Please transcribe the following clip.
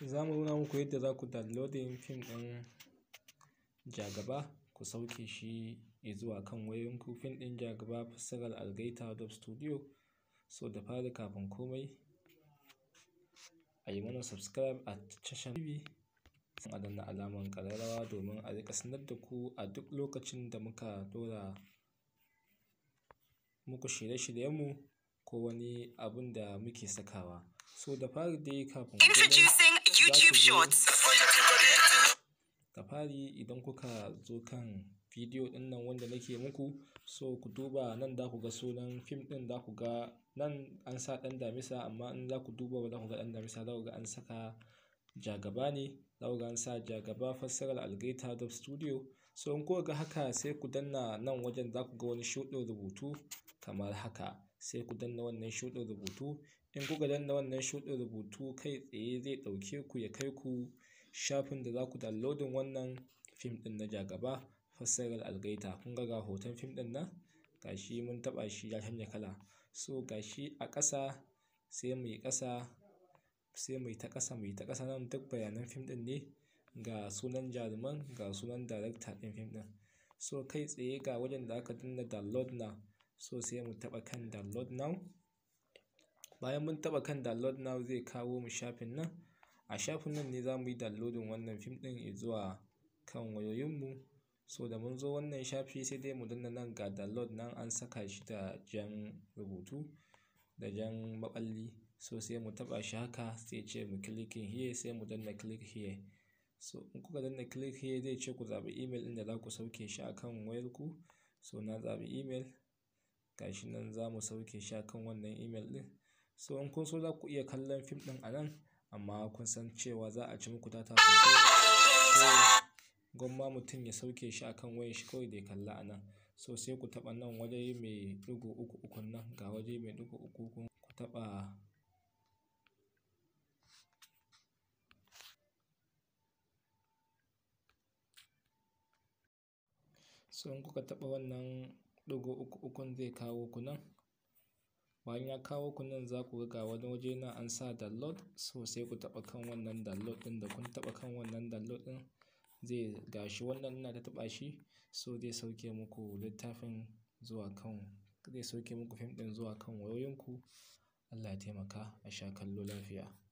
za mu nuna muku yadda za ku downloading fim ɗin jagaba ku sauke shi zuwa kan wayoyin fim ɗin jagaba fassarar algaita dub studio so da fari kafin komai a yi mana subscribe a tashar tv sun a danna ƙararrawa domin a riƙa sanar da ku a duk lokacin da muka dora muku shirye-shiryenmu ko wani abun da muke sakawa so da fari dai kafin komai ka fari idan kuka zo kan bidiyo ɗin nan wanda nake muku so ku duba nan za ku ga sunan fim ɗin za ku ga nan an sa ɗan damisa amma in za ku duba ba za ku ga ɗan damisa za ku ga an saka jagaba ne za ku ga an sa jagaba fassarar algaita dub studio so in kuka ga haka sai ku danna nan wajen za ku ga wani shuɗin rubutu kamar haka sai ku danna wannan shuɗin rubutu in kuka danna wannan shuɗin rubutu kai tsaye zai ɗauke ku ya kai ku shafin da za ku downloading wannan fim ɗin na jagaba fassarar algaita kun ga ga hoton fim ɗin nan gashi mun taɓa shi ya canja kala so gashi a ƙasa sai mu yi ƙasa sai mu ta ƙasa mu ta ƙasa nan duk bayanan fim ɗin ne ga sunan jaruman ga sunan darakta ɗin fim ɗin so kai tsaye ga wajen da aka danna download na so sai mu taɓa kan download now bayan mun taɓa kan download now zai kawo mu shafin nan a shafin nan ne za mu yi downloading wannan fim ɗin zuwa kan wayoyinmu so da mun zo wannan shafi sai dai mu danna nan ga download nan an saka shi da jan rubutu da jan maɓalli so sai mu taɓa shi haka sai ce mu clicking here sai mu danna click here so in kuka danna click here zai ce ku zaɓi email ɗin da za ku sauke shi akan wayarku so na zaɓi email Gashi nan za mu sauke shi akan wannan email ɗin. So in kun so za ku iya kallon fim ɗin a nan amma kun san cewa za a ci muku data sosai. Gwamma mutum ya sauke shi akan waya shi kawai da ya kalla a nan. So sai ku taɓa nan waje mai ɗigo uku ukun nan ga waje mai ɗigo uku ukun ku taɓa So in kuka taɓa wannan ɗigo uku ukun zai kawo ku nan bayan ya kawo ku nan za ku ga wani waje na an sa download so sai ku taɓa kan wannan download ɗin da kun taɓa kan wannan download ɗin zai gashi wannan ina ta taɓa shi so zai sauke muku littafin zuwa kan zai sauke muku fim ɗin zuwa kan wayoyinku Allah ya taimaka a sha kallo lafiya